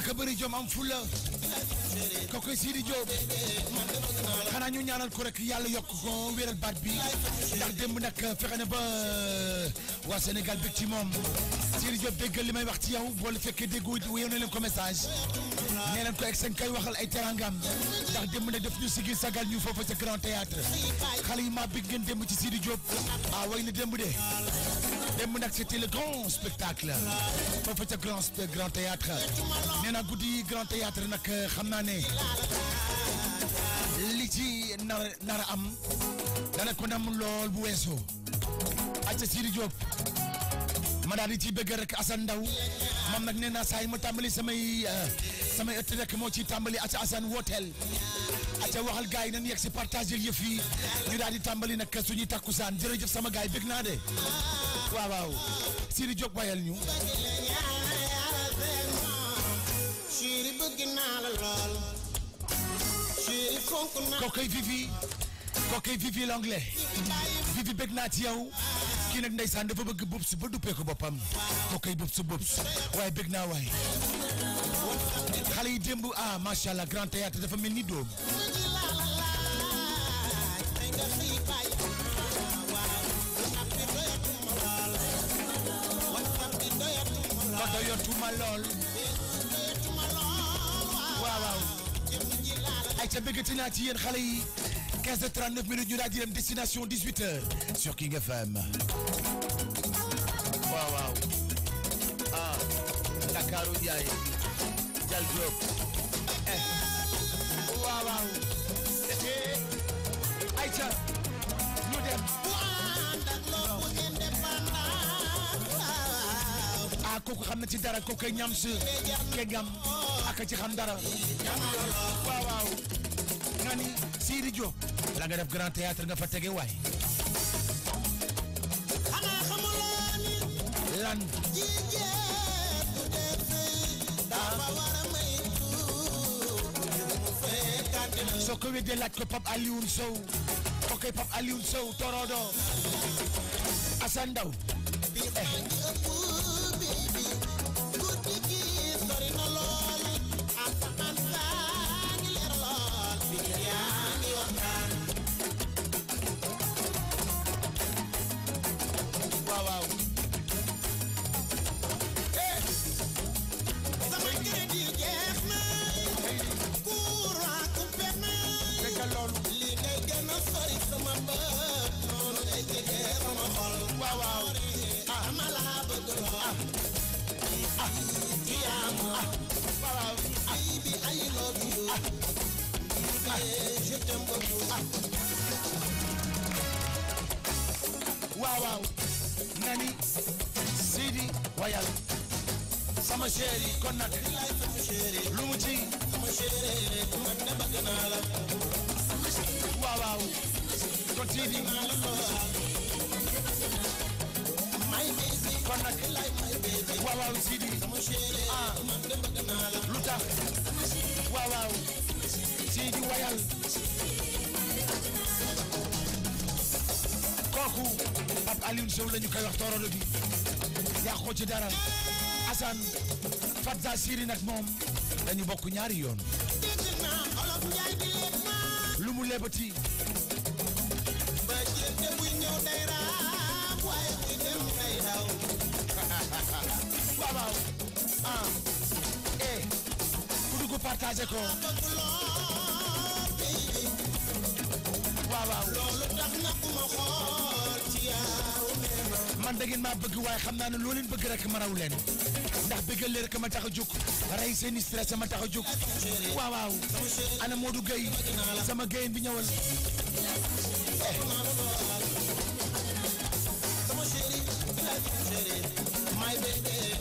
ak bëri jom am fula koy Sidi Diop xanaa ñu ñaanal ko rek yàlla yokk ko wéral baat bi ndax démb nag fexe na ba waa Sénégal bëgg ci moom Sidi Diop déggal li may wax ci yow boole fekkee déggu yow ne leen ko message nee leen ko ak seen kay waxal ay terangam ndax démb nag def ñu sigil sagal ñu foofa ca Grand Théâtre xale yi maa bëgg ngeen démb ci Sidi Diop ah way na démb de démb nag c'était le grand spectacle foofu ca grand grand théâtre nee grand théâtre nag xam naa ne li ci nar nar a am dana ko nam lool bu weeso acca Sidi Diop ma daal di ci bëgg rek Assane Ndaw moom nag nee naa saa ma tàmbali samay eh, samay ëtt rek moo ci tàmbali acca Assane wooteel acca waxal yi nañ yegg si partager yëf yi ñu daal di tàmbali nag suñuy takkusaan jërëjëf sama gars yi bëgg naa de waaw waaw Sidi Diop bayal ñu Sidi bëgg naa la lool Sidi fonk naa ci yow kii nag ndeysaan dafa bëgg bubs ba duppee boppam kookay bubs bubs waaye bëgg naa waaye xale yi démb ah macha allah grand théâtre dafa mel ni doom yotuma lool waaw waaw ay ca bëggati naa ci yéen xale yi 15 h 39 minutes ñu daal di dem destination 18 h sur King FM waaw waaw ah Ndakaaru Njaay Dial Diop eh waaw waaw eh, eh. ay ca ñu dem ah kooku xam na ci dara kooku ay ñam su ke gam ak ci xam dara waaw waaw nga ni Sidi Diop la nga def grand théâtre nga fa tege waay lan soo ko weddee laaj ko Pape Alioune Sow kooku Pape Alioune Sow Torodo Assane bokk ñaari yoon lu mu lebati waaw ah eh ku dugg partagé ko waaw loolu tax na ku ma xool ci yow man da maa bëgg waaye xam naa ne loo leen bëgg rek ma raw leen ndax bëggal leen rek ma tax a jóg rey seeni stress a jóg waaw waaw ana Modou Gueye sama Gueye bi ñëwal sama chéri my leen may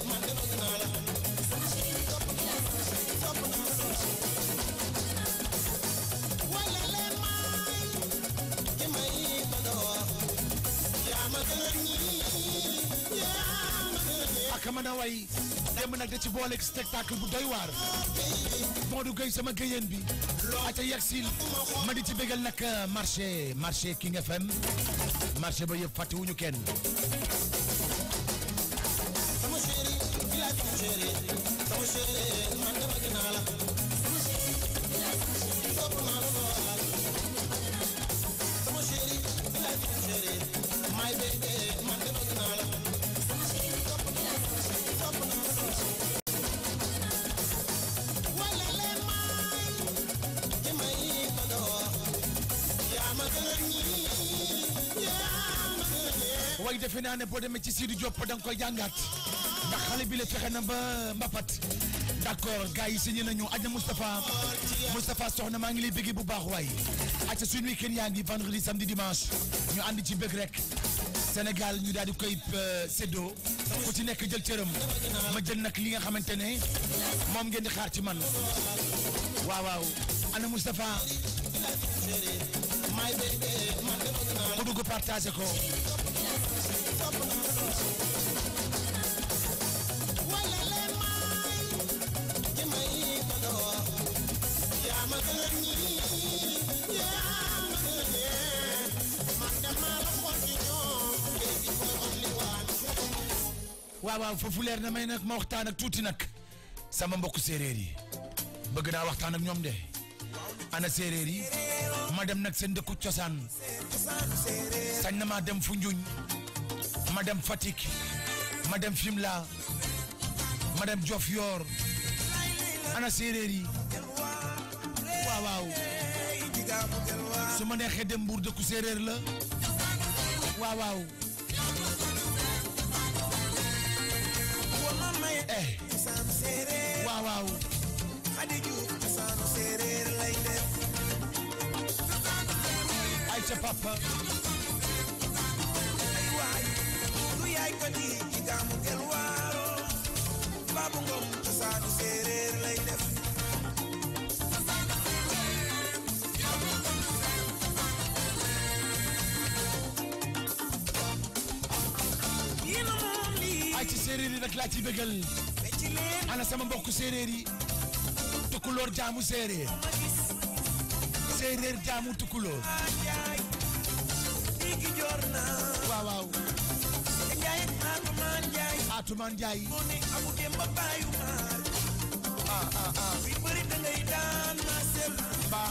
ki may bëgg yaa ma gën yaa ma ma na démb nag da ci booleeg spectacle bu doy waar Modou Gueye sama géyeen bi aca yegsil ma di ci bégal nag euh, marché marché King FM marché ba yëpp fàttewuñu kenn Sidi Diop da nga koy jàngaat bi la na ba Mbapat d'accord gars yi signé nañu aj na Moustapha Moustapha soxna maa ngi lay bëggee bu baax waay acca suñu week-end yaa ngi vendredi samedi dimanche ñu ànd ci bëgg rek Sénégal ñu daal di koy euh, séddoo ku ci nekk jël cëram ma jël nag li nga xamante ne moom ngeen di xaar ci man waaw waaw ana Moustapha mu dugg waaw waaw foofu leer na may nag ma waxtaan ak tuuti nag sama mbokk séeréer yi bëgg naa waxtaan ak ñoom de ana séeréer yi ma dem nag seen dëkku cosaan sañ na maa dem fu ma dem Fatick ma dem Fimela dem Diofior ana séeréer yi su ma neexee dem Mbour dëkku séeréer la waaw waaw eh waaw waaw ay ca papa Babou Ngom cosaanu ay ci séeréer yi nag laa ci bëggal ana sama mbokk séeréer yi tukkuloor jaamu séeréer séeréer jaamu tukkuloor waaw Faatuma Njaay moo ne amu ba bàyyu maar ah ah ah wi bëri da ngay daan ma sel ba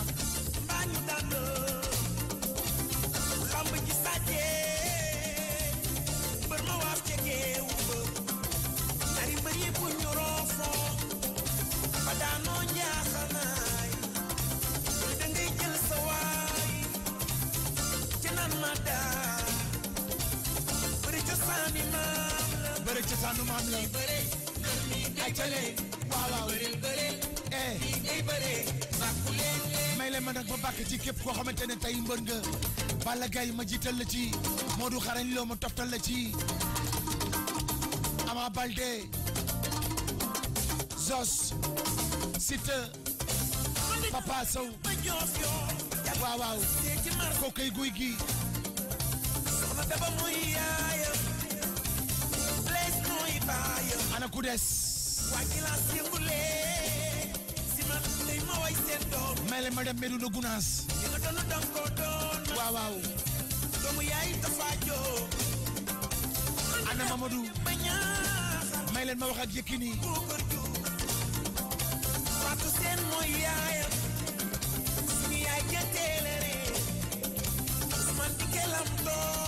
bëre cosaanu maam la ay cale waaw waaw may leen ma nag ma bàkk ci képp koo xamante ne tey mbër nga Balla Gaye ma jiital la ci a Xarañ Lo ma toftal la ci Zos Siteu Papa Sow waaw waaw kooku ana ku des wakilas yëngule sima lay ma way seen doom mele ma dem Medina Gunaas wow nga doon doon ko anak waaw waaw doomu yaay dafa joo ana Mamadou may leen ma wax ak Yékini Fatou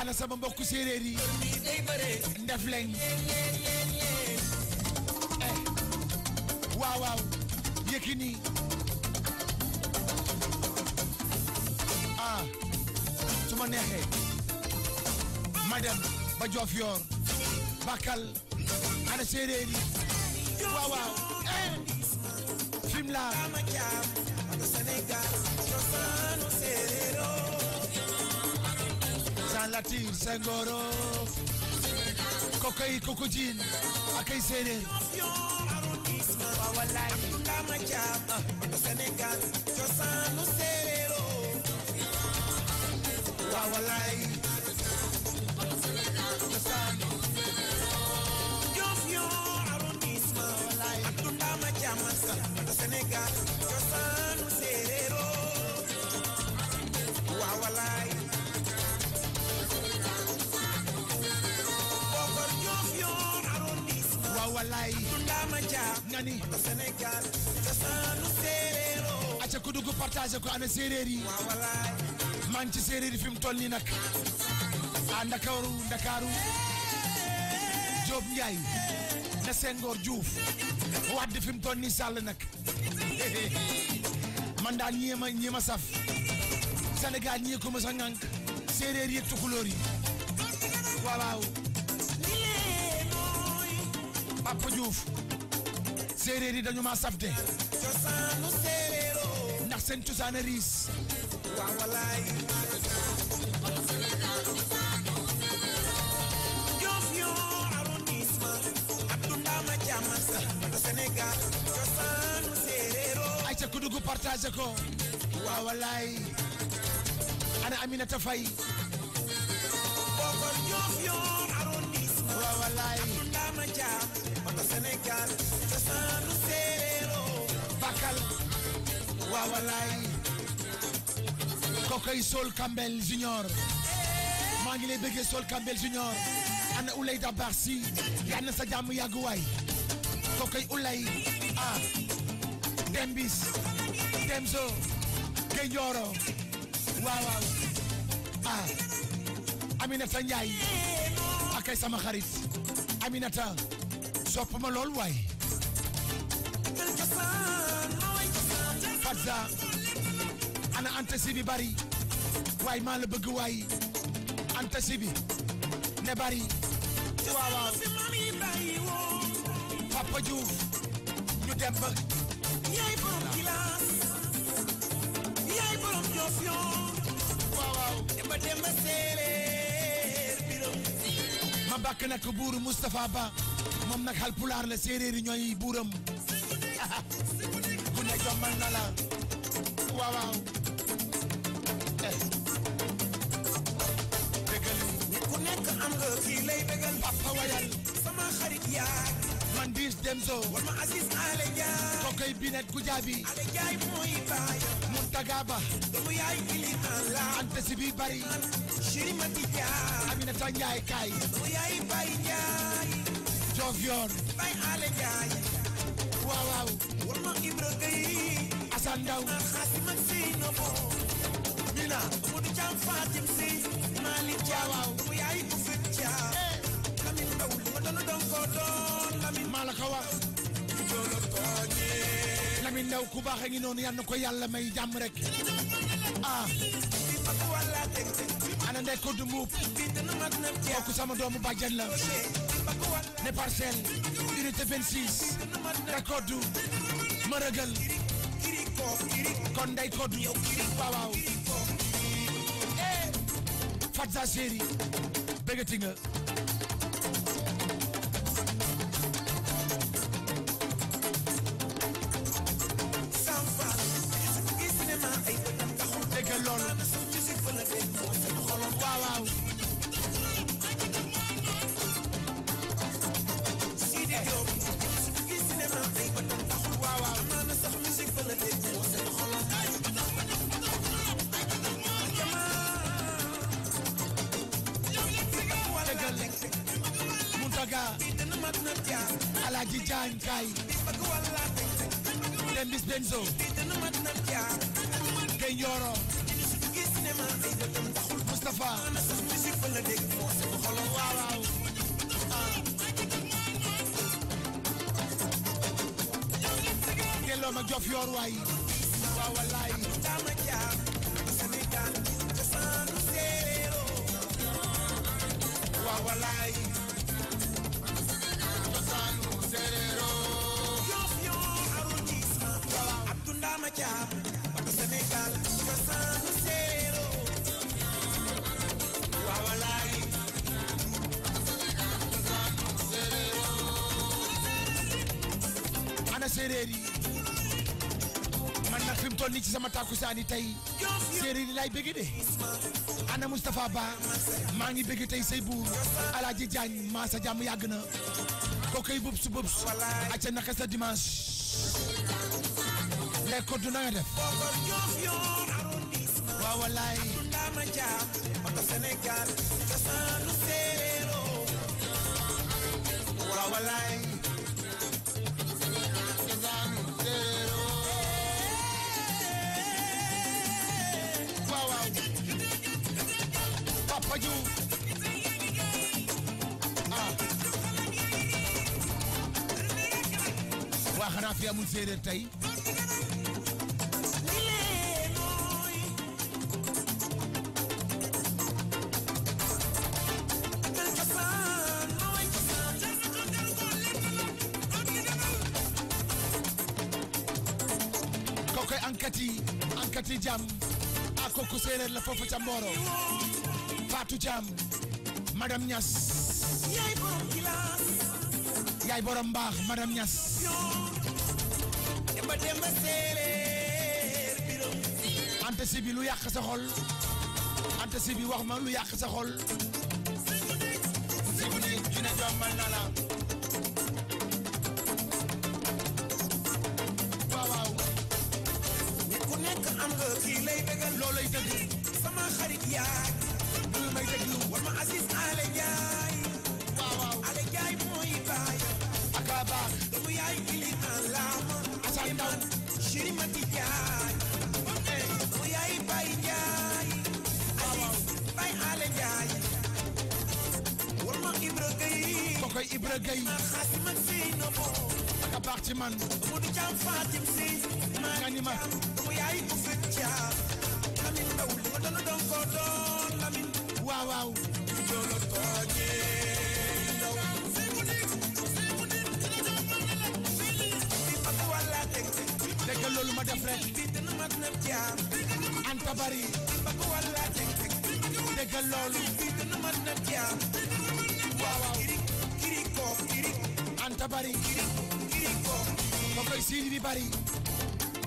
ana sama mbokku séeréer yi ndef ah. neexee ma dem ba Joof Yoor Bakel ana séeréer yi waaw waaw Fimela latir sengoro kokai kokojin akai sere Power kama chapa, Senegal, Josanu Serero. Power Josanu Senegal, Josanu Serero. Power life. wallaay Abdoundama Dia nga ni oto aca ku dugg partagé ko ana séeréer yi waaw wallaay maa ngi ci séeréer yi fi mu toll nii nag a Ndakaaru Ndakaaru Diop Ndiaye na Senghor Diouf Wade fi mu toll nii Sall nag man daal ñii ma ñii ma saf Sénégal ñii ko ma sa ŋànk séeréer yi tukulóor Papa Diouf séeréer yi dañu ma safte ndax seen cosaan a riis oh. ay ca ku dugg partage ko ana Aminata Faye waawalaay kokoy Sol Campbell Junior maa ngi lay bëggee Sol Campbell Junior ana ulay da baax si yal na sa jàmm yàgg waay kokoy ulay ah dembis demso ke njooro waaw waaw ah akay sama xarit Aminata sopp ma Ladza ana Anta Sibi bari waay waaw waaw Papa Diouf ñu dem ba. yaay borom kilaas ma bakk nag buuru la séeréer ñooy buuram. mandala waaw waaw eh dëggal nit ku nekk am nga kii lay dëggal papa wayal sama xarit yaa man diis dem soo war ma Aziz Ale Ndiaye kokoy binet gujaabi Ale Ndiaye mooy baaya Muntaga Ba doomu yaay ili ala ante si bi bari Chiri Mati Ndiaye Aminata Ndiaye kaay doomu yaay Baye Ndiaye Jof Yor Baye Ale Ndiaye waaw waaw ma Ibra Gueye Assane Ndaw na xaasimak si no bo mina Modou Thiam Fatim si Malick Thiam mu yaay bu fekk Thiam Lamine Ndaw li ma doon doon ko doon Lamine maa la ko wax du joolo tooñe Lamine Ndaw ku baax a ngi noonu yal na ko yàlla may jàmm rek ah ana ndey ko du mbuub kooku sama doomu bàjjen la ne parcelle unité 26 d'accord du ma ragal kon day kodu waaw waaw eh, Fatza Chéri bëggati nga sama takkusaan yi tey séeréer yi laay ana Moustapha Ba maa ngi bëgg tey say buur Alaaji Jaañ maa sa jàmm yàgg na kokoy bëbs bëbs acca naka sa dimanche lekk ko du na nga waa xanaa fi amul séeréer tey kookoy enquête yi enquête yi jàmm a ah, kooku séeréer la foofu ca Fatou Thiam madame Niass yaay borom mbaax madame Niass anta si bi lu yàq sa xol anta si bi wax ma lu yàq sa xol Ibra Gueye parti man kanima waaw waaw dégg loolu ma def rek Anta Bari dégg loolu bari ma koy siidi di bari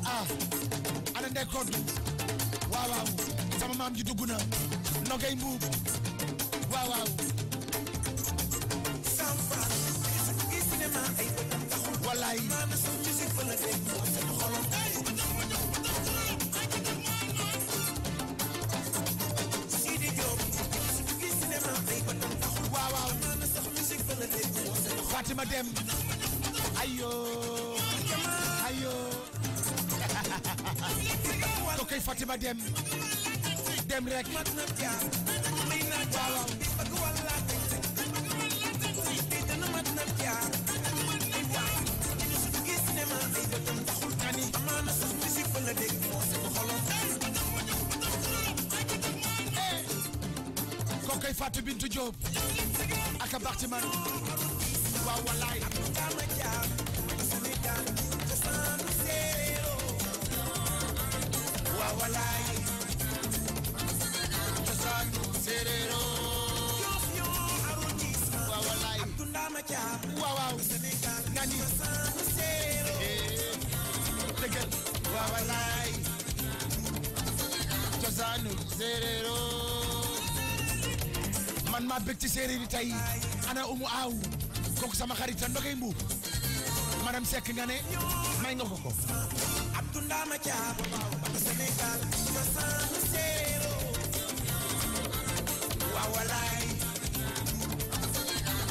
ah ana ndekkoon waaw waaw sama maam ji dugg na nogay mbuub waaw waaw wallaay Fatima Dem ayo ayo ko koy Fatima dem dem rek ko koy Fatou Bintou Diop ak a baax ci man cosaanu man ma bëgg ci séeréer yi tey ana umu aaw kooku sama xarit sa ndogay mbuub madame Seck nga ne may nga ko ko abdoundama caaba waaw ba Sénégal cosaanu séeréeroo waaw walaay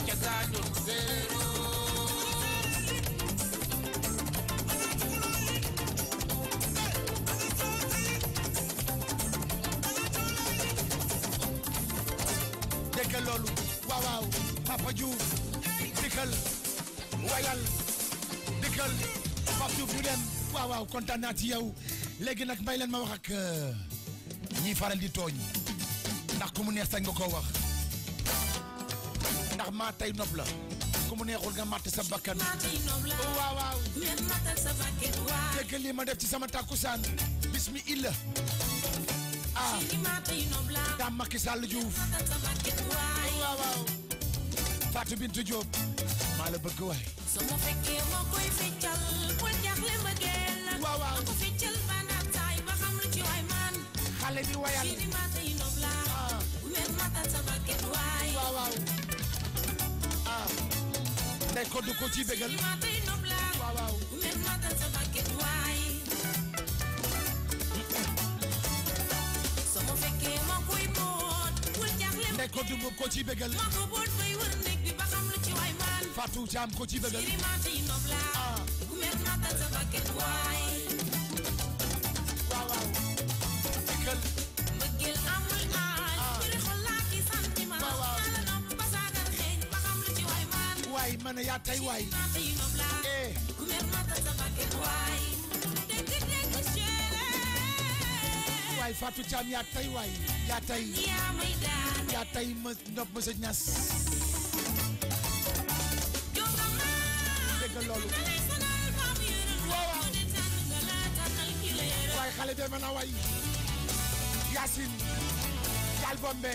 cosaanu Baol Pape Diouf ñu dem waaw waaw kontaan naa ci yow léegi nag may leen ma wax ak euh, ñiy faral di tooñ ndax ku mu neex sañ nga koo wax ndax maa tey nopp la ku mu neexul nga sa bakkan waaw waaw dégg lii ma def ci sama tàkkusaan bismillah ah daa Macky Sall Diouf waaw Fatou Bintou Diop maa la bëgg waay su ma fekkee moo koy feccal bul jaaxle ma geel la waaw waaw ko feccal ba naan saay ba xam lu ci waay man xale bi wayal ci di mata yi nob la weer ah. matal sa bakket waay waaw waaw ah day ko du ko ci bégal ci di mata yi nob la waaw waaw weer matal sa bakket waay su ma fekkee moo koy boot bul jaaxle ma geel day ko du ko ci bégal moo ko boot Partout jam ko ci bëggal waaw waaw dëggal mbëggeel amul aay buri xol laa ki sant ma yàlla nam ba saagal ma ta ma nopp ma Dédé mën a way Yacine Gal Bombe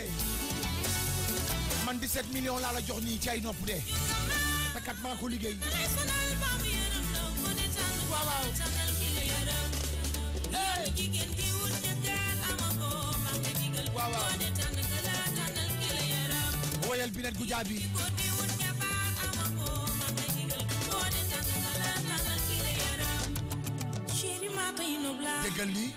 man 17 millions laa la jox nii ci ay nopp de te kat maa ko liggéey waaw waaw waaw waaw woyal bi net gu jaabi déggal lii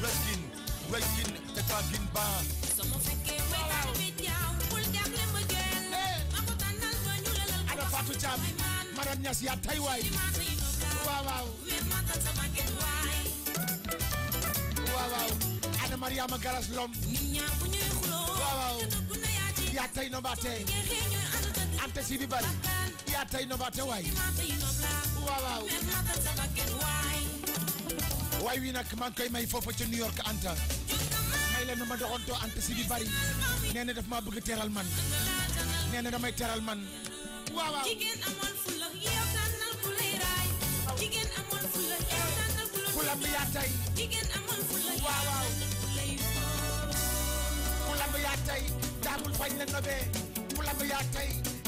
breaking breaking te talking baa ana Fatou Thiam Maram Niass yaa tay waay waaw waaw waaw waaw ana Mariama Garas Lom waaw waaw yaa tay no baate ante si bi bari yaata ino bate waay waaw waay wi nag maa ngi koy may foofa ca New York Anta may la na ma doxantoo Anta si bi bari nee na daf maa bëgg teral man nee na damay teral man waaw waaw ku lamb yaatay waaw waaw ku lamb yaatay daamul bañ la nobee ku lamb yaatay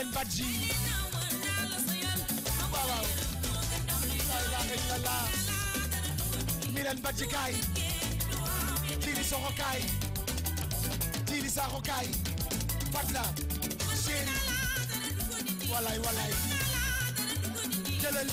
leen baat ji waaw waaw laa ilaaha illallah mi leen baat ji kaay jiili soxo kaay jiili saaxo kaay patla chéri walay walay jëlal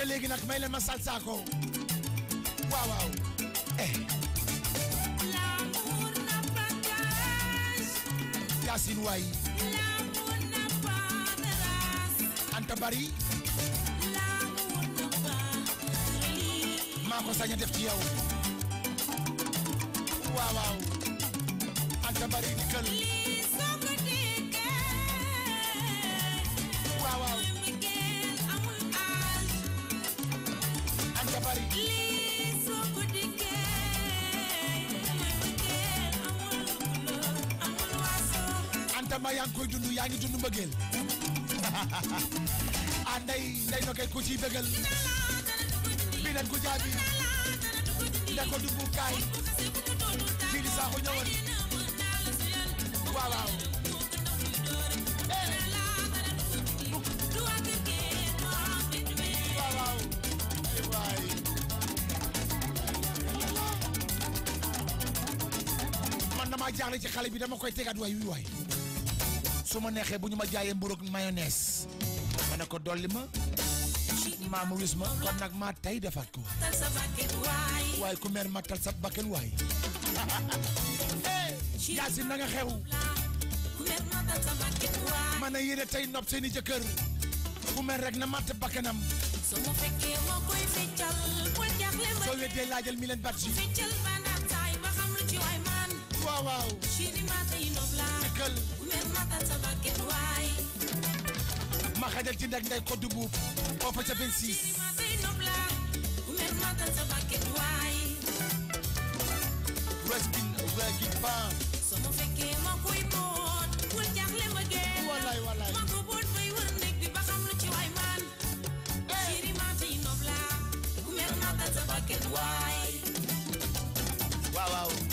ca léegi nag may leen ma Saal Sakho waaw waaw eh. Anta Bari. maa ko def ci yow. koy dund yaa ngi dund mbëggeel ah nday nday ci bëggal bi nan ku jaabi ne ko dumbu kaay kii di saaxu ñëwal waaw waaw man ci xale bi koy tegaat waay su ma neexee bu ñu ma jaayee mburu ak mayonnaise ma ne ko dolli ma maa mu wis ma kon nag maa tey defaat ko waaye ku mer ma tal sa bakken waay yaasin na nga xew ma ne yéene tey nopp seeni jëkkër ku mer rek na matt bakkenam soo weddee laajal mi leen bat si waaw waaw ma xajal ci ndag nday koddu buub foofa ca 26 wes bin wegin ban somo fekkee ma koy boot wul jaaxle ma gee wallaay wallaay ma ko boot bay wër nekk bi ba xam lu ci waay man chéri ma fi nob la mer ma ta sa bakket waay waaw waaw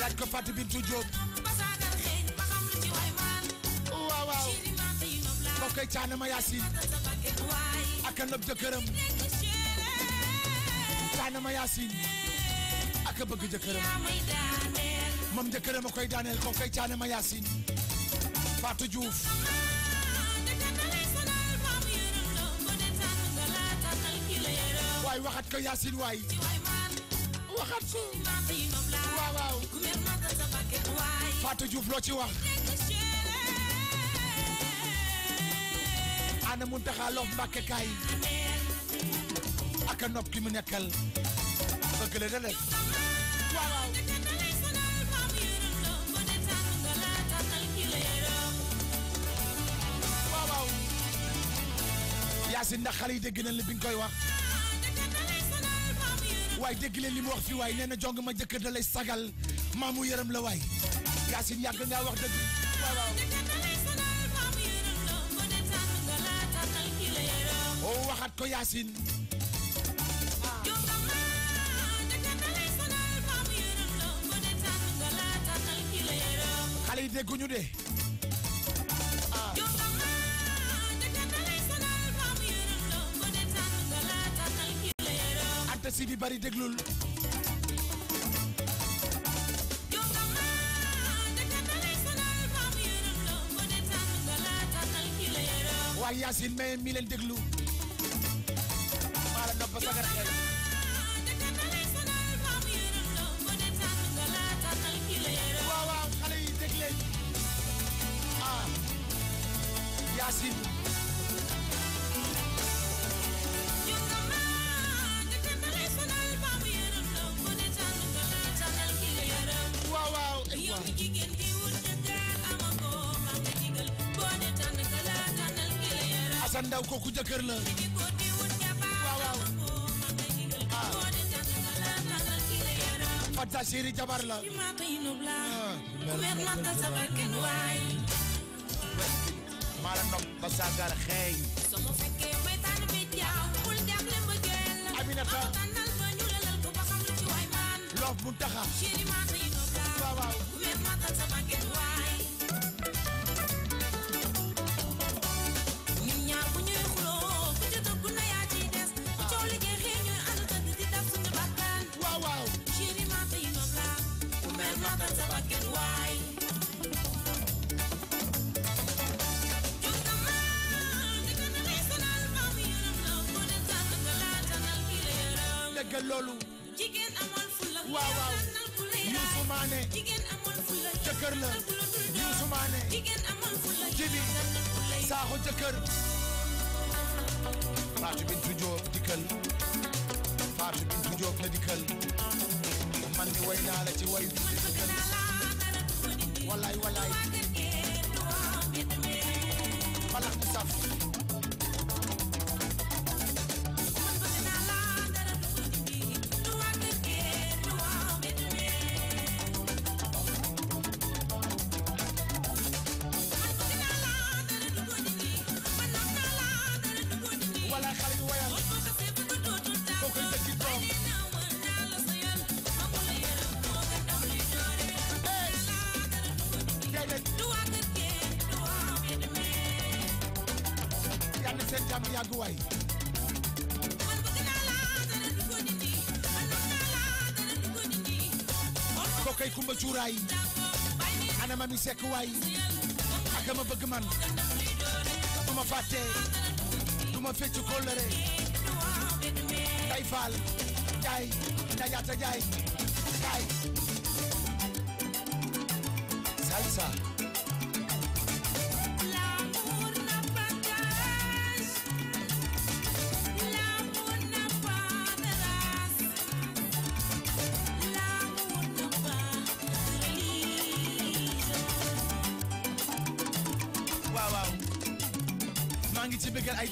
laaj ko Fatou Bintou ma yaasin ak a nëb jëkkëram caane ma yaasin ak a bëgg jëkkëram moom waay waxat ko yaasin waay waxaat waaw waaw Fatou loo ci wax ana Muntaxa Loof Mbàkke kaay ak a nopp ki mu nekkal bëgg la da def waaw waaw Yaasin ndax xale yi dégg nañ koy wax waaye dégg leen li mu wax fii waaye nee na jong ma jëkkër da lay sagal maamu yërëm la waay Yacine yàgg ngaa wax dëgg waaw waaw oo waxaat ko Yacine xale yi dégguñu de te si bi bari déglul waaye Yacine mais mi leen déglu maa la nopp sagar xel ah, Yacine Assane Ndaw kooku jëkkër la waaw waaw ah. Fata Siri jabar la ah. mala nok ba sagar xeey Aminata loof mu taxa waaw waaw màggal loolu jigéen amoon fulla waaw waaw Youssou Mané jigéen amoon fulla jëkkër la Youssou Mané jigéen amoon fulla jibi saaxu jëkkër Fatou Bintou Diop dikkal Fatou Bintou Diop na dikkal man ni way naa la ci way bi dikkal wallaay wallaay balax mu saf yàgg yàgg waay kookay kumba cuuraay ana mami sekk waay ak ma bëgg man du ma fàtte du ma fecc kóllëre day faal jaay dajaata jaay jaay salsa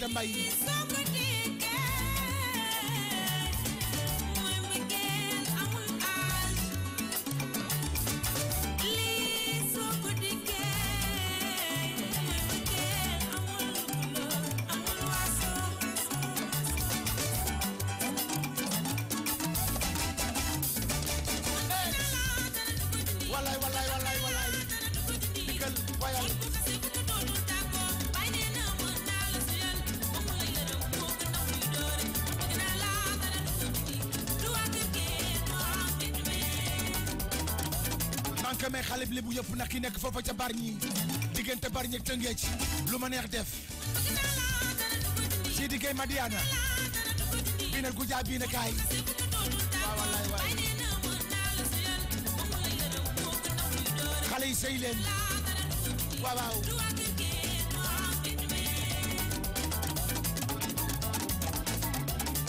mind. foofa ca Bargny diggante Bargny ak Tëngéej lu ma neex def Sidi Gueye Madiana bii na gujaa bii na kaay waaw wallaay waay xale yi sëy leen waaw waaw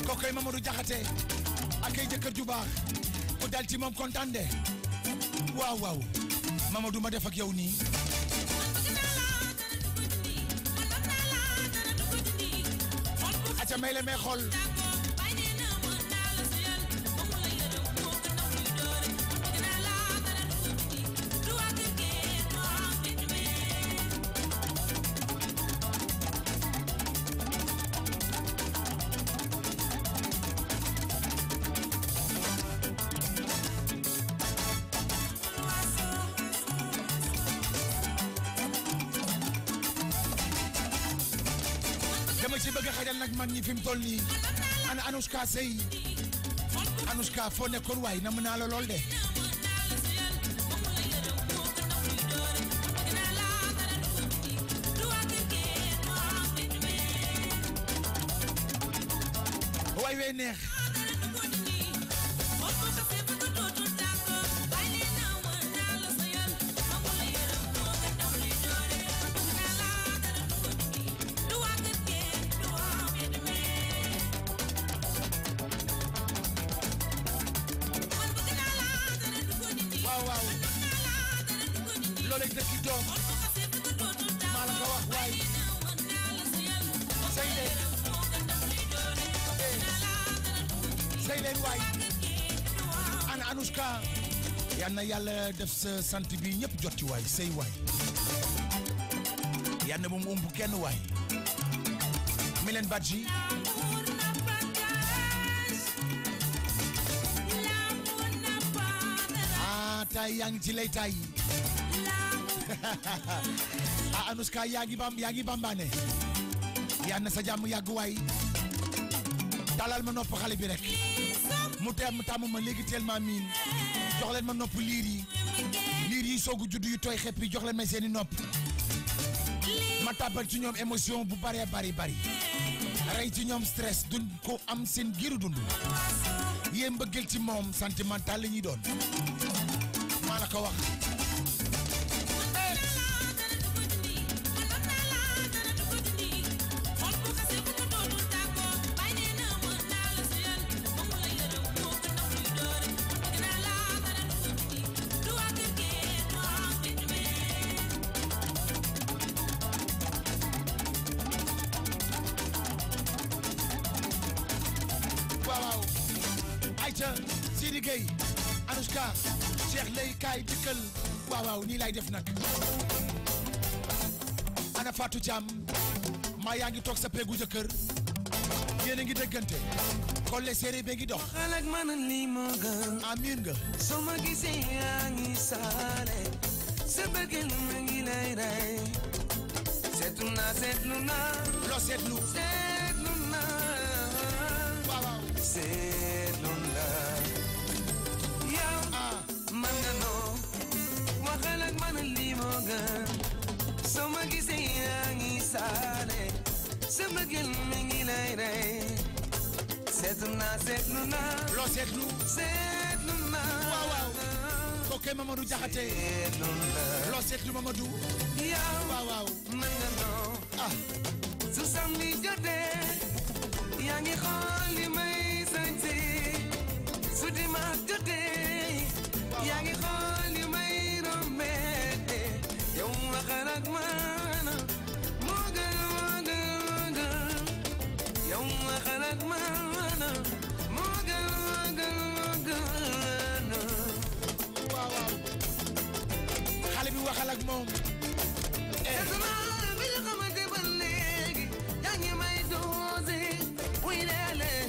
kooku ay Mamadou Diakhaté dal ci moom kontaan de Mamadou ma def ak yow nii. aca may la may xool. Anushka sey Anushka foo nekkoon waay namu naa la lool de waay wey neex def sa sante bi ñep jotti way sey way waay yàlla na kenn way milen Badji ah taay yaa ci lay tay ah anus yaa bam yaa bambane, bambaane yàlla na sa jam yàgg way dalal ma nopp xale bi rek mu teem tam ma léegi tellement min jox len ma nopp liir yi soogu judd yu tooy xepp jox leen may seen nopp ma tàbbal ci ñoom émotion bu bëree bari bari rey ci ñoom stress duñ ko am seen giiru dund yéen mbëggeel ci moom sentimental la ñuy doon maa la ko wax gaay def nag ana Fatou Thiam maa yaa ngi toog sa peegu jëkkër yéen a ngi déggante kolle séeréer be ngi dox xalak man lii moo gën amiin nga soo ma gisee yaa ngi saale sa bëggeel ma ngi lay rey seetlu naa seetlu naa loo seetlu sama gisee yaa ngi saane sama gel mi ngi lay rey seetlu naa seetlu naa. loo seetlu. seetlu naa. waaw waaw. ok Mamadou Diakhaté. seetlu naa. loo seetlu Mamadou. yow. waaw waaw. mën nga noo. ah. su sam li jotee. yaa ngi xool li may sañse. su dimanche jotee. waaw yaa ngi xool li may rombee. اخرك معانا موجة موجة موجة يوم اخرك معانا موجة موجة موجة خلي بي وخلك موم إيه. اسمع بالغمة تبلغي يعني ما يدوزي وينالي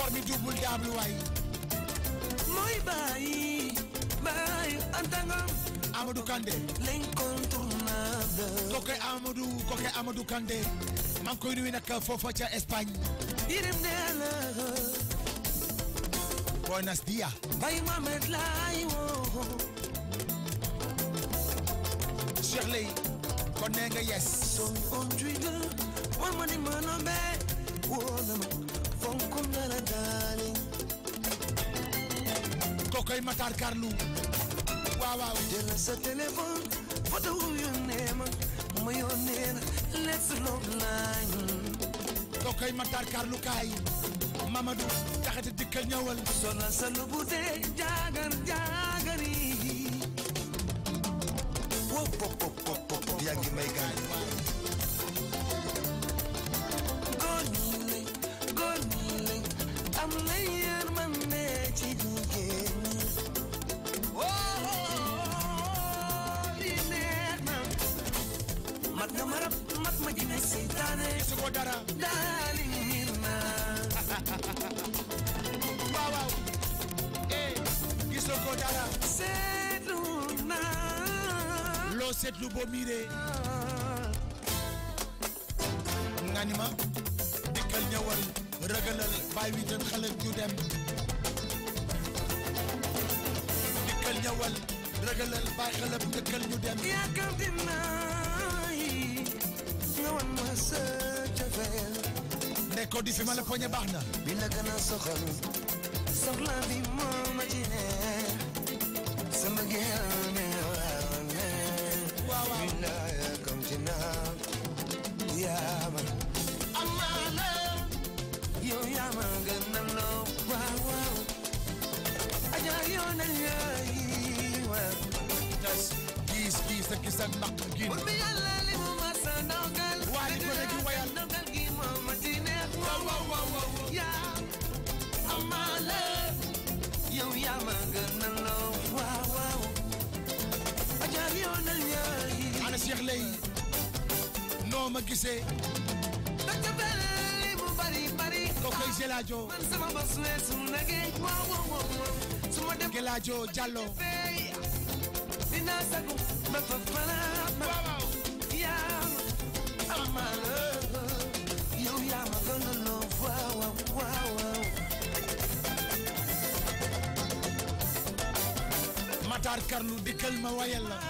formidable daabu waay. mooy antangam. Amadou Kandé. l'incontournable. kooku Amadou kooku Amadou Kandé maa ngi koy nuyu nag foofa ca Espagne. buenos días. Baye Mohamed laay yes. son kokoy Matar Karlu let's love line defoo dara darling Myrna waaw waaw ko dara seetlu naa loo seetlu boo miiree ma dikkal ñëwal ragalal bàyyi wi dem xale ju dem dikkal ñëwal ragalal bàyyi xale ñu dem ko di fi ma la baax na bi la gën a soxla bi moo ma ci ne ma amaana yow yaa a loo waaw waaw aja yow na yaay waaw gis gis ak gis ak ma gisee. kookoy Gelaajo. Gelaajo Diallo. Matar Karlu dikkal ma wayal la.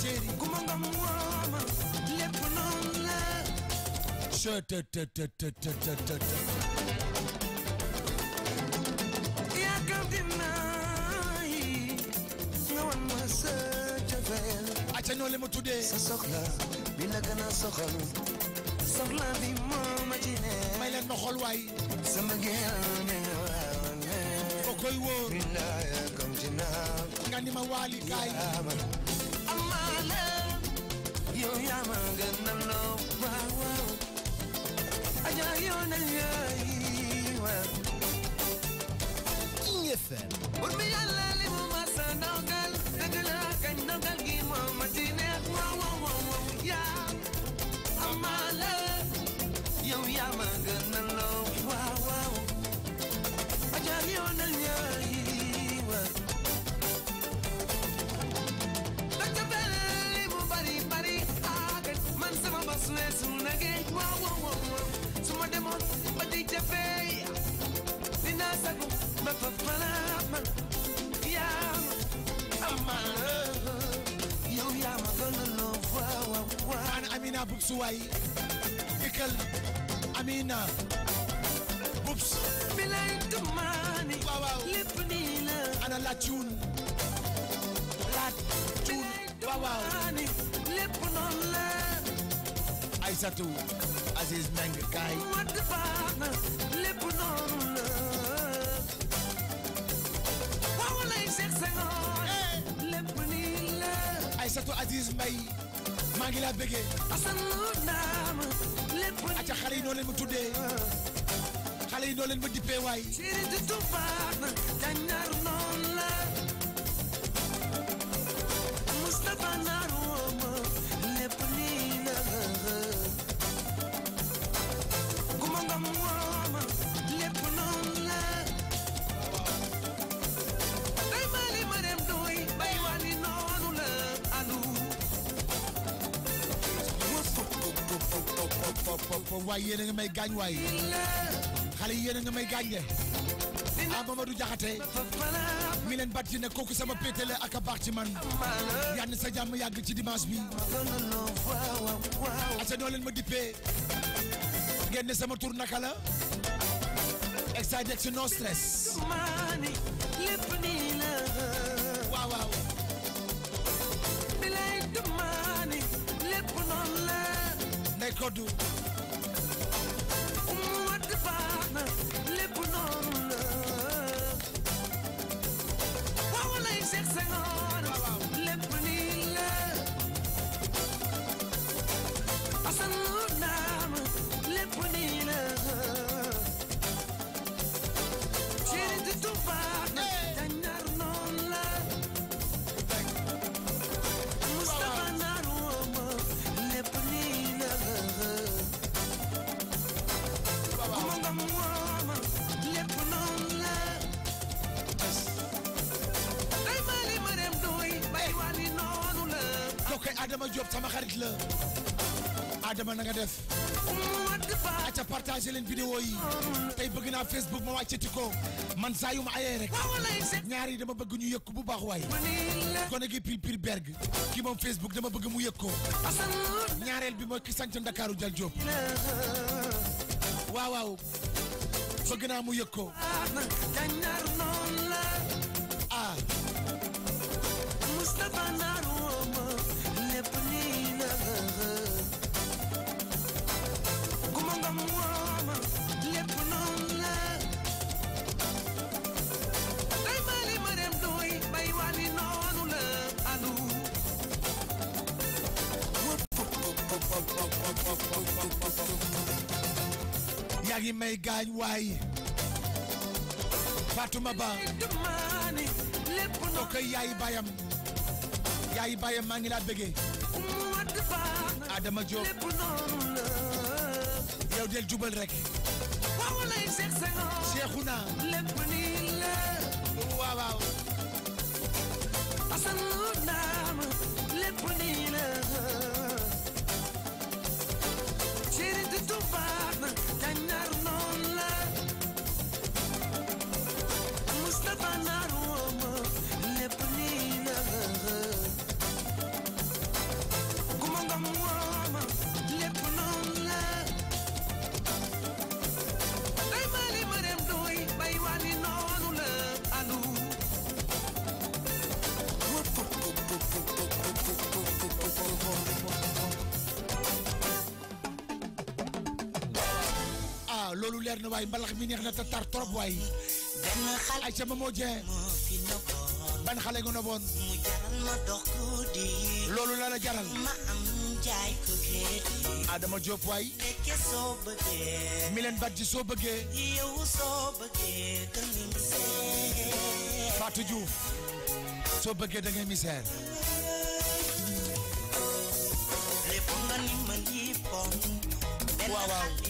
chérie guma nga mooma lépp noonu la chet tet tet tet yaakaar dinaa yi nga wan ma sa cofeel aca noonu la ma tuddee sa soxla bi la gën a soxal soxla bi mooma ci ne may leen ma xool waay sama geel ne waaw ne foo koy wóor dinaa yaakaar dinaa nga ni ma waali kaay yaa ma gën a loo waaw waaw ajaa yoo na yooyu waaw King FM bur bi yàlla li mu ma sa ndawgal dëgg la kañ ndawgal gi moom ma ci neex waaw waaw waaw yaa amaale yow yaa ma gën a loo su ne su nage waaw waaw waaw su ma demoon ba di jafee dinaa sagu ma fa fanaa ma yaa ma amaana yow yaa ma gënaloo waaw waaw waaw. ana Amina Bubs waay dikkal Amina Bubs. bilay tumaani. waaw waaw lépp nii la. ana la cuun laat cuun waaw waaw. lépp noonu la. Aïssatou Aziz Meng Kaay wadd baax na lépp noonu la waaw lay Cheikh Senghor lépp nii la Aïssatou Aziz Mbaye maa ngi laa bëggee Assane Lo Ndaam lépp nii la aca xale yi noo leen ma tuddee xale yi noo leen ma dippee waay Serigne di tu baax na daññaar noonu la Moustapha Naar wooma lépp nii la foofu waaye yéen a nga may gaañ waaye xale yi nga may gaañ de ah Mamadou Diakhaté mi leen bat ci ne kooku sama pété la ak a baax ci man yàlla sa jàmm yàgg ci dimanche bi aca noo leen ma dippee ngeen sama tur naka la excited ci no stress waaw waaw bilay dumaani lépp noonu la ndey koddu partner, les Diop sama xarit la Adama na nga def aca partagé leen vidéo yi tey bëgg naa Facebook ma wàccati ko man saa yu ma ayee rek ñaari dama bëgg ñu yëkk bu baax waay gone gi pir pir berg ki moom Facebook dama bëgg mu yëg ko ñaareel bi mooy ki sant Ndakaaru Jal Diop waaw waaw bëgg naa mu yëg ko gaañ waay Fatuma Ba ok yaay bayam yaay bayam maa ngi laa bëggee Adama Diop yow del jubal rek Cheikhouna waaw waaw lépp nii la loolu leer na waaye mbalax mi neex na te tar trop waaye ay sama moo jee ban xale nga noboon loolu la la jaral Adama Diop waay Milen Badji soo bëggee Fatou Diouf soo bëggee da ngay misère waaw waaw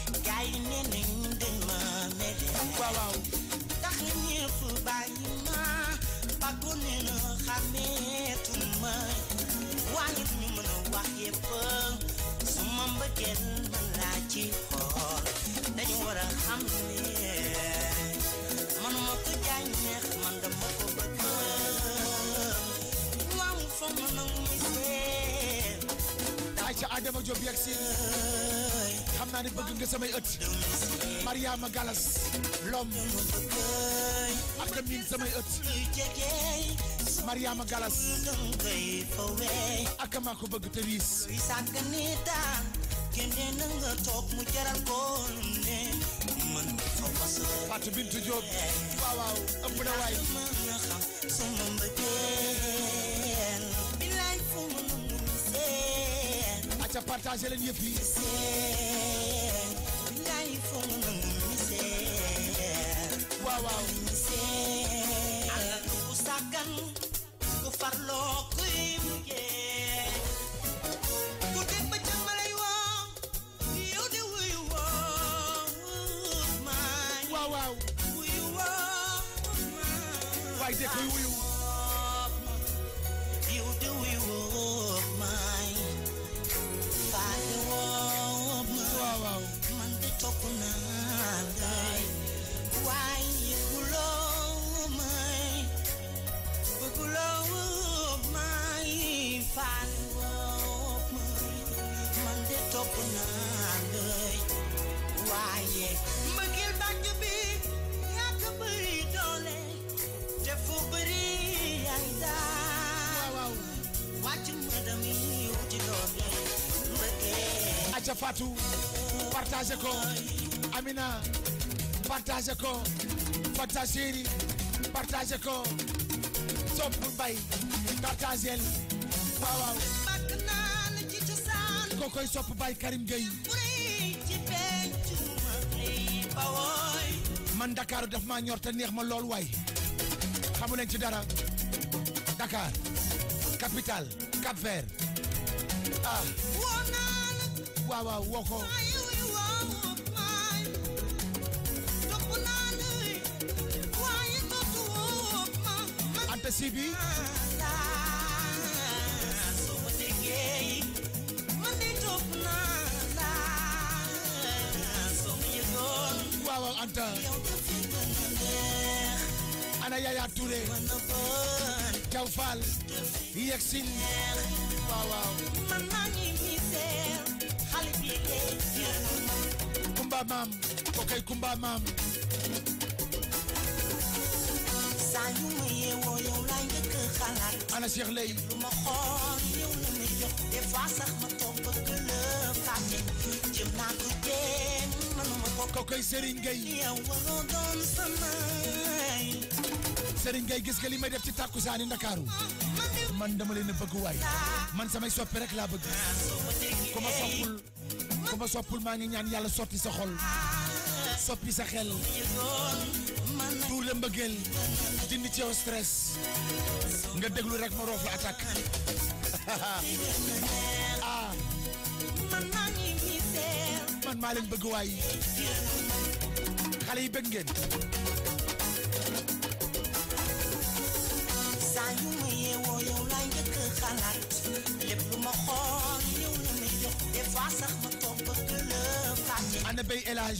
gaay yi nee nañ dañ ma mere waaw waaw tax na ñëpp bàyyi ma bàggoon ne na xàmmeetuma waaye ñu mën a wax yëpp suma mbëggeel man laa ci xool dañu war a xam ne man ma jaay neex man dama ko bëgg waaw foog ma nangu mi seet. Adama Diop yegg si. xam naa ne bëgg nga Mariama Galas lom ak min ak maa ko bëgg te riis Fatou Bintou Diop waaw waaw ëpp na waay aca partage leen yëf Wow! Wow! ala du ku sàggan ku farloo Aja Fatou partage ko Amina partage ko Fata Chéri partage ko Sopp Mbaye partagel Wow wow. ko koy sopp Baye Karim Gueye man Dakar daf maa ñor neex ma lool waay xamu leen ci dara Dakar capitale cap ah waaw waaw woo ko ante waaw waaw Anta ana Yaya Touré Thiaw Fall Yeksin waaw waaw Kumba maam okay Kumba maam ana Cheikh Leye kokoy Serigne Gueye gis nga li may def ci tàkkusaani Ndakaaru man dama leen a bëgg waay man samay soppi rek laa bëgg ku soppul ku soppul maa ngi ñaan yàlla sotti sa xol soppi sa xel tuur la mbëggeel dindi ci yow stress nga déglu rek ma roof la attaque من مالن بقواي خلي بنجن سايني ويو انا بي الاج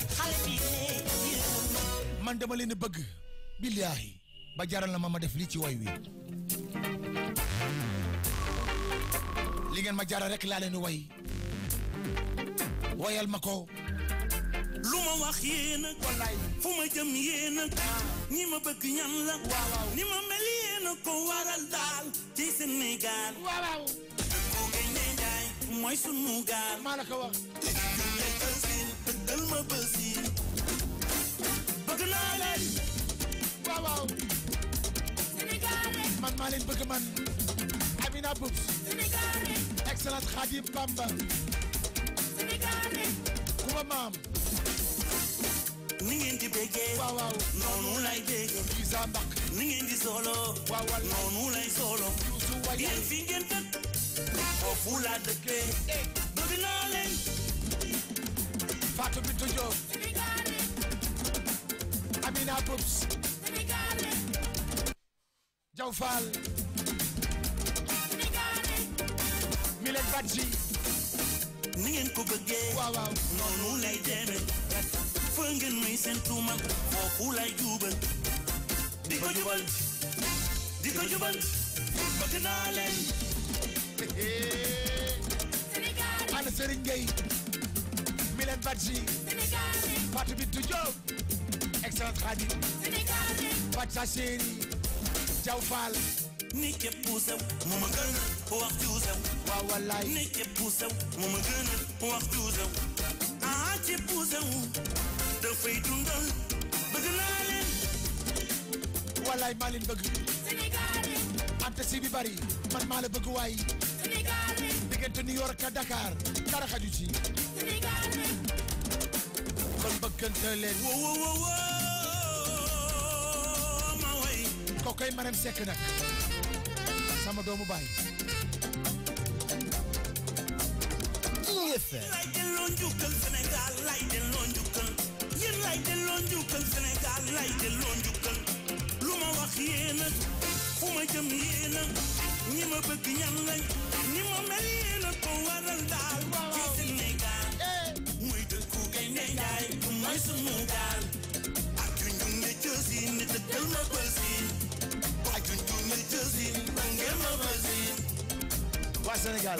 man dama leen bëgg billaahi ba jaral ma ma def lii ci woy wi li ngeen ma jaral rek laa leen way wayal ma ko lu ma wax yéena fu ma jëm yéena ñi ma bëgg ñan la waaw ni ma mel ko waral daal ci Sénégal waaw mooy sunu gaal maa la ko wax dëggal ma bësi waaw waaw man maa leen bëgg man Amina Boubs excellence Khadim Bamba kuma maam ni ngeen di bëggee waaw waaw noonu lay bëggee Isa Mbak ni ngeen di solo waaw noonu lay solo yéen fi ngeen dëkk foofu laa dëkkee eh. bëgg naa leen Fatou Bintou Diop Amina Boubs Jaw Faal mi leen bàjji ni ngeen ko bëggee waaw waaw noonu lay deme fa ngeen may seen tuuma lay jubal di ko jubal di ko jubal bëgg naa leen ana Serigne Gueye mi leen bàjji Fatou Bintou Diop excellente Khady Fatou sa chérie Jaw Faal ni képp sew ma gën a wax ju sew waaw wallaay ni képp ku sew mu ma gën a wax ju sew ah képp ku sew dafay dundal bëgg naa leen wallaay maa leen bëgg Sénégal ante si bi bari man maa la bëgg waay Sénégal diggante New York ak Dakar dara xaju ci Sénégal kon bëggante leen koy Marème Seck nag sama doomu baay IFM lay delloo njukkal Sénégal lay lay delloo njukkal Sénégal lu ma wax yéena fu ma jëm yéena ñi ma bëgg ñan lañ ñi ma mel yéena ko waral daal ci Sénégal eh. muy dëkku ak junjum ne cësin ne dëkkal ma bël voisine ma Sénégal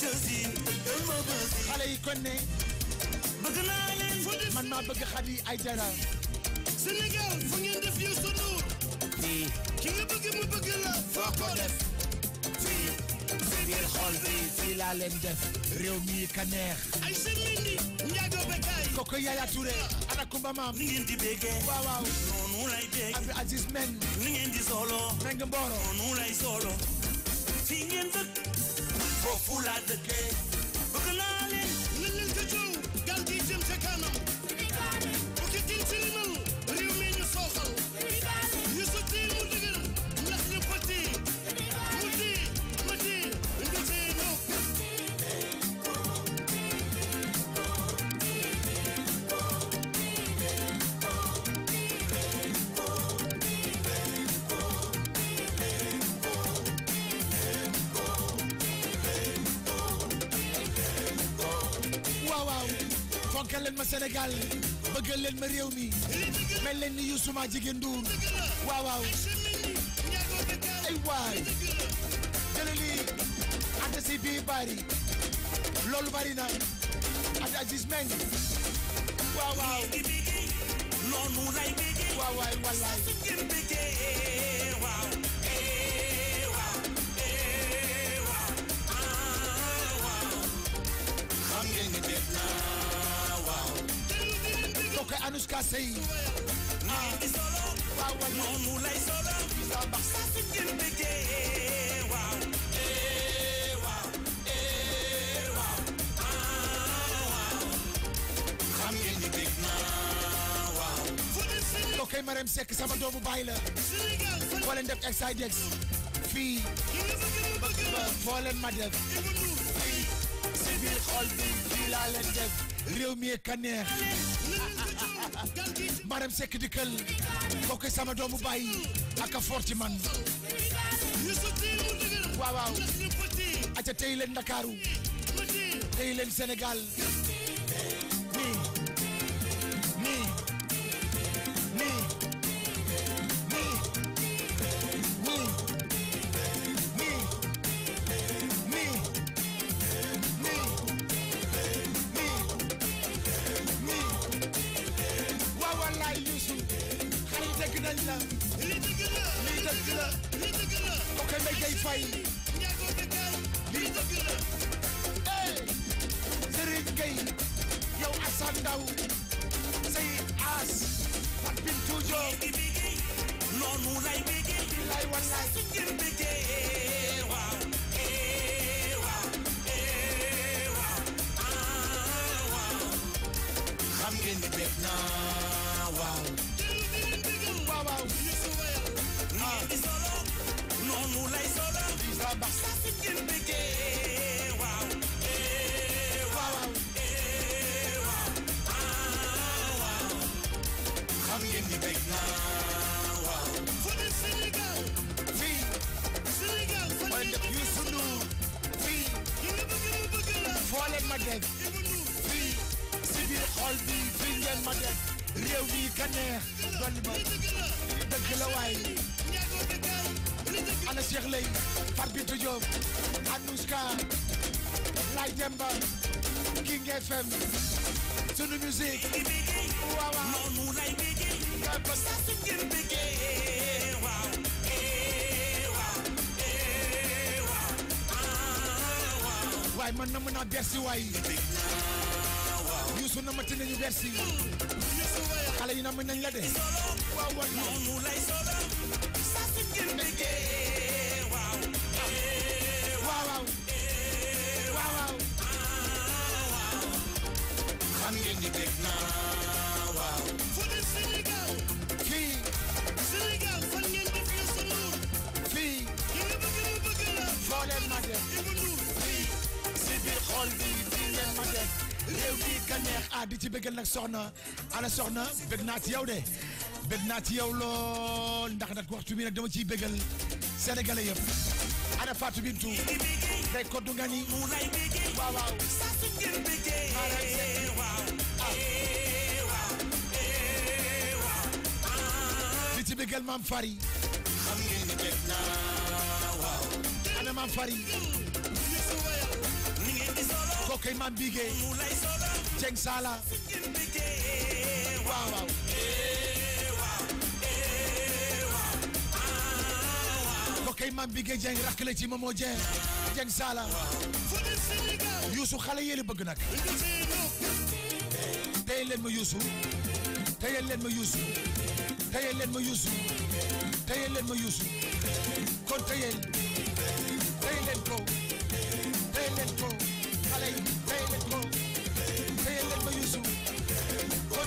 xale yi kon ne bëgg naa leen fu def man maa bëgg Khady Aïdara Sénégal fu ngeen def yu sunu fii ki nga bëgg mu bëgg la foo ko def fii si biir xol bi fii laa leen def réew mi ka neex ay semindi njaago bekaay koko Yaya Touré ana kumba maam ni ngeen di béggee waaw waaw noonu lay bégg Abdou Aziz men ni ngeen di solo meng mbooro noonu lay solo fii ngeen dëkk Profula de qué? bëggal leen ma Sénégal bëggal leen ma réew mi mel leen ni Youssouma jigéen Ndour waaw waaw ay waay jële lii adda si bii bari loolu bari na ad Aziz meñ waaw waaw noonu lay bëggee waaw waay wallaay waaw I'm getting it now. kooku Anushka Sey ah waaw waaw noonu lay solo sa baax sa su ngeen bëggee waaw eh waaw eh waaw xam ngeen ni bëgg naa waaw kooku Marème Seck sama doomu baay la foo leen def ex fii foo leen ma def xol bi lii sama doomu baay ak a forti man waaw waaw aca tey leen Ndakaaru tey leen Sénégal bersi waay yuusu na mati nañu bersi xale yi na mën nañ la de di ci bëggal nag soxna ala soxna bëgg naa ci yow de bëgg naa ci yow lool ndax nak waxtu bi nak dama ci bëggal sénégalais yëpp ana Fatou Bintou day koddu nga ni waaw waaw di ci bëggal mam Fari ana mam Fari kooku ay maam Bigué Ceng Saala waaw waaw mbokk yi maam bi Guèye Dieng rakk la ci Saala Youssou xale yéen bëgg nag teyal leen ma Youssou teyal leen ma Youssou teyal leen ma Youssou teyal leen ma Youssou kon teyal teyal leen ko leen ko xale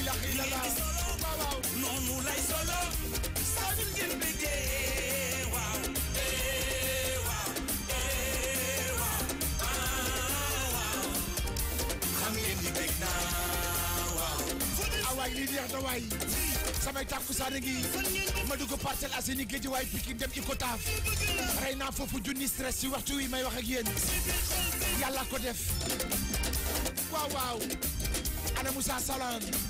ilaha illallah waaw noonu lay solo saa su waaw eh waaw eh waaw waaw xam ngeen ni bëgg naa waaw awaay lii neex na waay samay takkusaan ngi ma dugg Parcelles Assainies géej waay Pikine dem Icotaf rey naa foofu junni stress ci waxtu wi may wax ak yéen yàlla ko waaw waaw ana Moussa Salane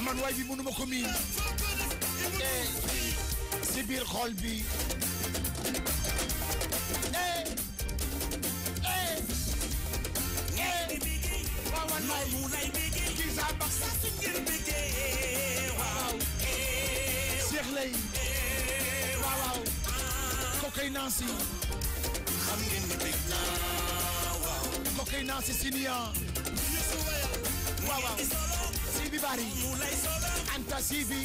man waay bi mënuma ko miin eh, si biir xol bi Cheikh eh. lay waaw waaw kokay Nancy xam ngeen ne bég naa waaw kokay Nancy Sinia waaw waaw Sidy Barry Anta Sidy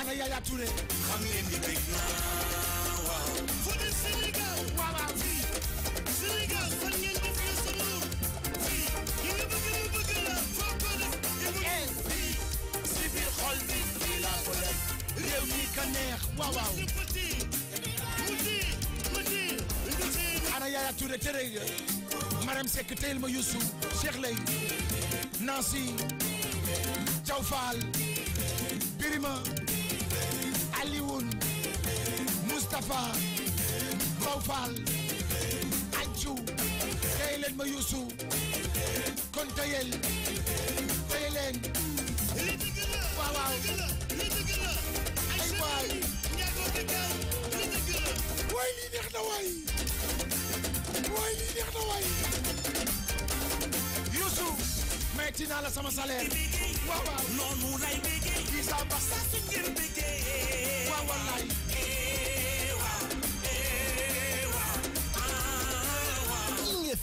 ana Yaya Touré xam ngeen ni bég naa waaw fu di Sénégal waaw waaw fii Sénégal fan ngeen def la sa lool fii yow yi bëgg la bëgg la foo ko def ee fii si biir xol bi fii laa ko def réew mi ka neex waaw waaw ana Yaya Touré tere Maram Seck teyel ma Youssou Cheikh Lay Nancy Thiaw Fall Birima Alioune Moustapha Thiaw Fall Adjou teyelen ma Youssou kon teyel teyelen waaw waaw waay lii neex na waay waay lii neex na waay Youssou metti naa la sama salaire waaw waaw noonu lay bëggee kii saa ba saa su ngeen bëggee waaw wallaay eh, waaw eh, waaw ah,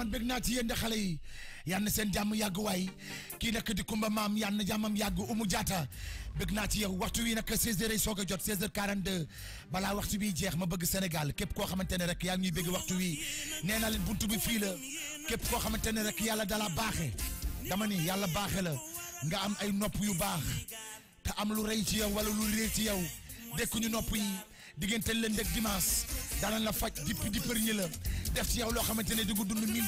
man bëgg naa ci yéen de xale yi yal na seen jàmm yàgg waay kii nag di Kumba maam yal na jàmmam yàgg umu jaata bëgg naa ci yow waxtu wi nag 16h soog a jot 16h42 balaa waxtu bi jeex ma bëgg Sénégal képp koo xamante ne rek yaa ngi ñuy bëgg waxtu wi nee naa leen buntu bi fii la képp koo xamante ne rek yàlla dala baaxe dama ni yàlla baaxe la nga am ay nopp yu baax te am lu rëy ci yow wala lu réer ci yow dekkuñu nopp yi. diggante lundi ak dimanche danañ la faj depuis di premier la def ci yow loo xamante ne di nga dund mille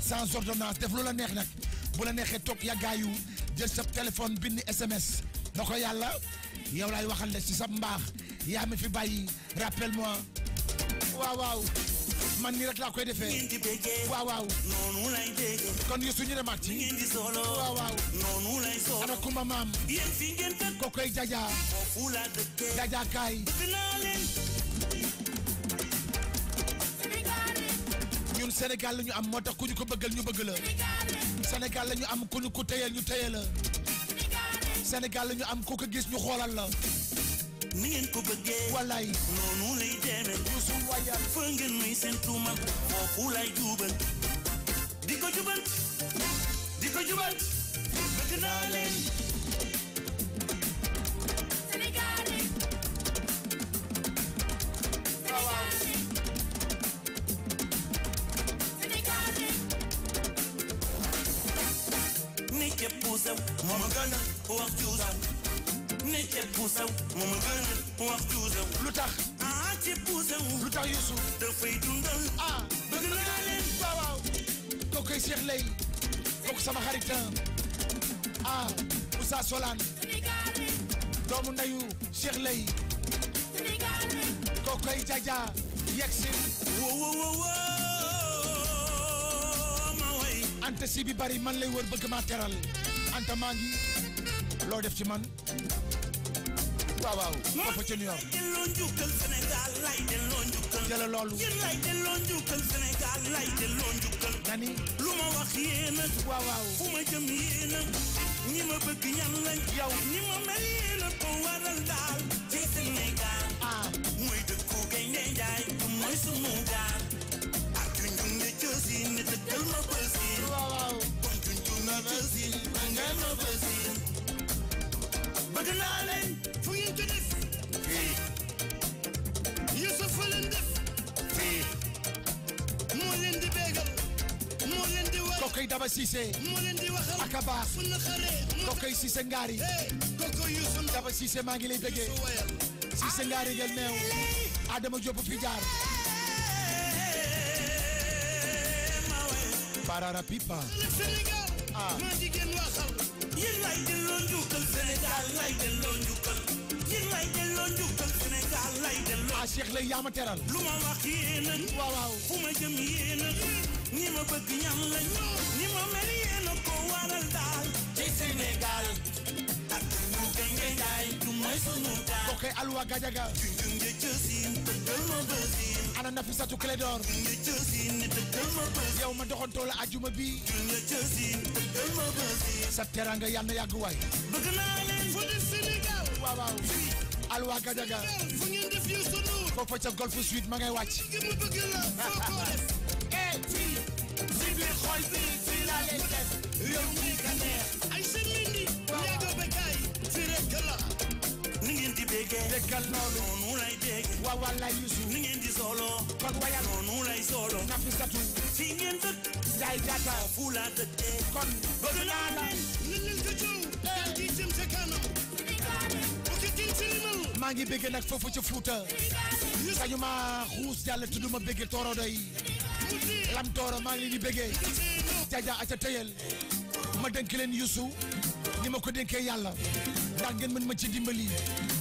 sans ordonnance def lu la neex nag bu la neexee toog yàggaayu jël sa téléphone bind SMS na ko yàlla yow laay waxal de ci sa mbaax yaa mi fi bàyyi rappelle moi waaw man nii rek laa koy defee waaw waaw kon ñu suñu ne màcc waaw waaw ana kumba maam ko koy jaja jaja kaay ñun Sénégal am moo tax ku ñu ko bëggal ñu bëgg la Sénégal ñu am ku ñu ko téyel ñu téye la Sénégal la am ku ko gis ñu xoolal la ni ngeen ko bëggee walaay noonu lay demee buusu wayal fa ngeen may seen tuuma foofu lay jubal di ko jubal di ko jubal bëgg naa leen ne ceeb bu sew moo ma gën a wax ne ca puusaw moom a gën a wax juusaw lu bëgg naa leen waaw waaw kooku koy Cheikh Lay sama xarit ah Moussa Solane doomu ndeyu Cheikh Lay kooku koy jaja yegsin wow wow wow ma way bi bari man lay wër bëgg ma teral anta maa waaw waaw foofu ca New York. delloo njukkal Sénégal lay delloo njukkal. jëla loolu. yéen lay delloo njukkal Sénégal lay delloo njukkal. nani. lu ma wax yéen a. waaw waaw fu ma jëm yéen a. ñi ma bëgg ñan lañ. yow ñi ma mel yéen a ko waral daal. ci Sénégal. ah muy dëkku gaynde Njaay. mooy sunu gaal. ak junjun ne jësi ne dëkkal ma bësi. waaw waaw kon junjun ne jësi ma nga ma bësi. bëgg naa leen fu ngeen ko def fii Youssouf fa leen def fii moo leen wax kokoy Daba Cissé moo leen di Ngari kokoy Youssouf Daba Cissé maa ngi lay bëggee Cissé Ngari gel neew Adama Diop fi jaar parara pipa Sénégal maa jigéen waxal yéen lay delloo njukkal Sénégal lay delloo njukkal yéen lay delloo njukkal Sénégal lay lay ah, yaa lu ma wax yéen a. ma jëm yéen ma bëgg ñam lañ. ñi ma mel ko waral daal. ci Sénégal. ak ñu gën-gën jaay. du Alwa Gajaga. junjun nga jësin. dëggal ma bësin. ana Nafisatu Clédor yow ma doxantoo la ajuma bi sa yal na yàgg waay bëgg naa leen fu def Sénégal waaw waaw Alwa Gadaga fu ngeen def yu sunu foofa ca Golf Sud ma ngay wàcc mu bëgg la foo ko def eh fii fii laa leen yow mi ka déggee. déggal loolu. noonu lay dégg. waawaaw kon waya. noonu lay solo. Nafisatu. fii Jaata. kon bëgg naa la. Eh. maa ngi bëgg nag foofu ci Fuuta. sañu ma xuus yàlla tudd ma bëgg tooro doy. lam tooro maa ngi leen di bëggee. aca tëyel. ma dénk leen ni ma ko dénkee yàlla. ndax mën ma ci dimbali.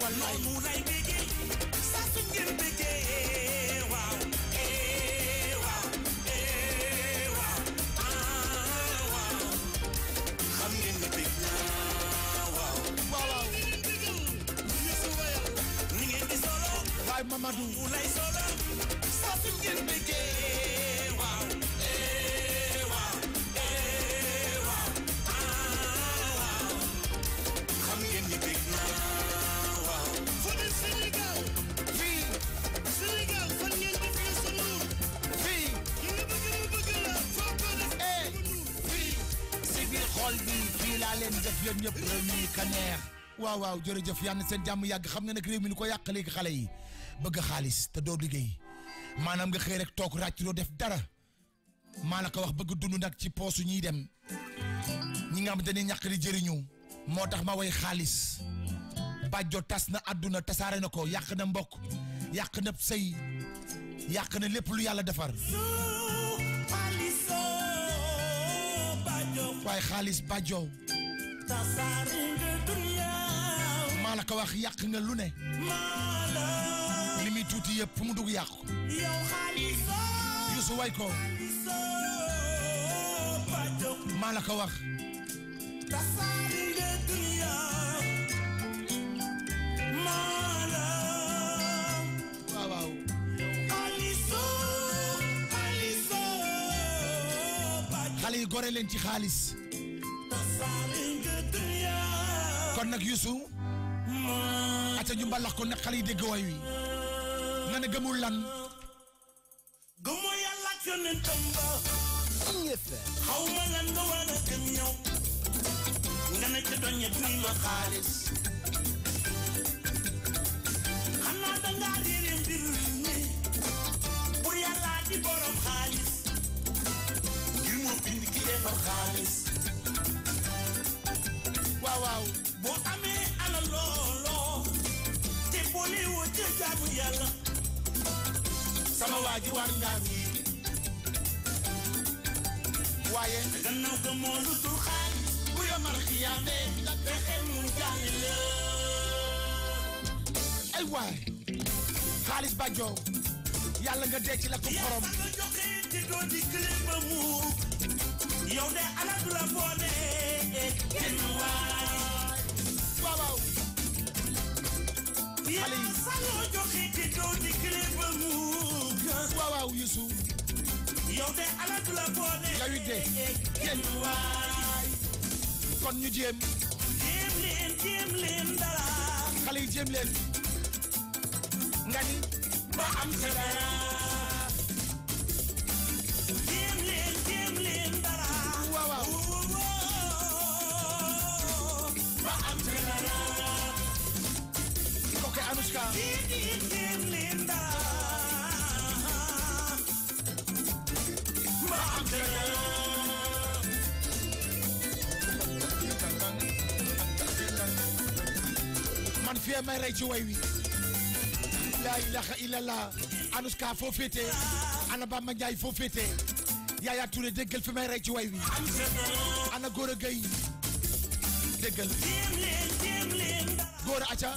waaw noonu lay bëggee saa su ngeen bëggee waaw eh waaw eh waaw ah waaw xam ngeen ne bëgg naa waaw waaw ni ngeen di solo waaye Mamadou lay solo saa su ngeen bëggee yaa leen def yéen ñëpp réew mi ka waaw waaw jërëjëf yàlla na seen jàmm yàgg xam nga nag réew mi ni ko yàq léegi xale yi bëgg xaalis te doo liggéey maanaam nga xëy rek toog ràcc loo def dara maa la ko wax bëgg dund nag ci poosu ñuy dem ñi nga xam ne ñàq ni jëriñu moo tax ma woy xaalis bàjjo tas na àdduna tasaare na ko yàq na mbokk yàq na sëy yàq na lépp lu yàlla defar waaye xaalis bàjjo maa la ko wax yàq nga lu ne li muy tuuti yëpp mu dugg yàqu Youssou way ko maa la ko wax xale yi gore leen ci xaalis kon nag Youssou ko nag xale yi ne gëmul lan waaw waaw boo amee alal looloo te boolewoo ca jaamu yàlla sama waa ji war waaye gannaaw ga moo lu dul xaal bu yomal xiyaamee pexe mu jaay la ay waay xaalis ba joow nga dee ci la ko xorom yàlla nga joxe te doo di gëlëm ba mu waaw xale yi saloo joxe te doo la boole yow it de jéem waay kon ñu jéem jéem leen leen nga ni ba am sa Alaska. man fii may rey ci way wi laa ilaha illallah Anuska foo féete ana Bamba Njaay foo féete Yaya Touré déggal fi may rey ci way wi ana Gora Gueye déggal Gora aca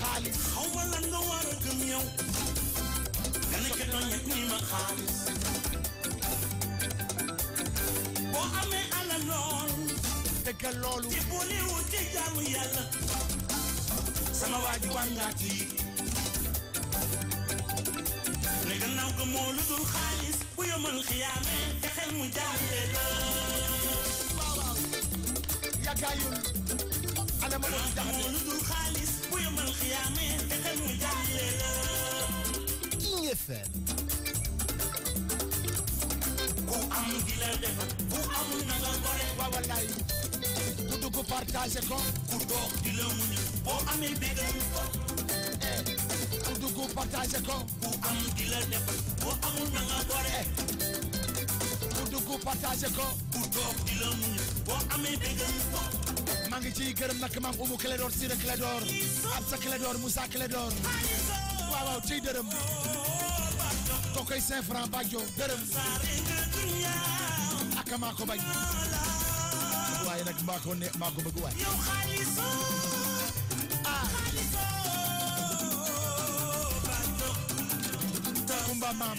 xaalis xaw ma lan nga war a gëm yow nga nekk doon yëg ni ma xaalis boo amee alal lool dëgg loolu te boolewu ci jaamu yàlla sama waa ji war ngaa ci ne gannaaw ko moo lu dul xaalis bu yomal xiyaamee te xel mu jaarle la waaw waaw yàggaayul alama moo lu dul xaalis King FM ku am di la def ku amul na nga gore waaw wallaay ku dugg partage ko ku doog di la muñ boo amee bégal ko ku dugg partage ko ku am di la def boo amul na nga gore ku dugg partage ko ku doog di la muñ boo amee bégal ko maa kerem nak gërëm umu Clédor Sira Clédor Absa Clédor Musa Clédor waaw waaw ciy dërëm kokoy cinq francs bàjjo dërëm ak nak ko bañ waaye nag maa ko ne maa ko bëgg waay ah kumba maam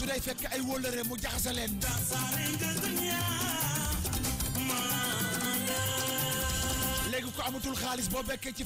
سوداي فك اي ولري مو جاخسلن ليكو كو امتو الخالص